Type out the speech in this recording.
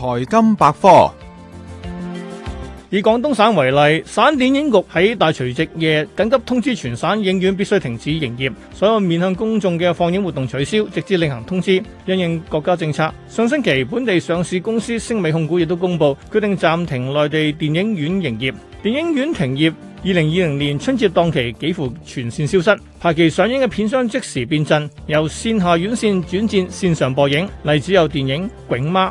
財金百科，以廣東省為例，省電影局喺大除夕夜緊急通知全省影院必須停止營業，所有面向公眾嘅放映活動取消，直至另行通知，因應國家政策。上星期本地上市公司星美控股亦都公布決定暫停內地電影院營業。電影院停業，二零二零年春節檔期幾乎全線消失。排期上映嘅片商即時變陣，由線下院線轉戰線上播映，例子有電影《囧媽》。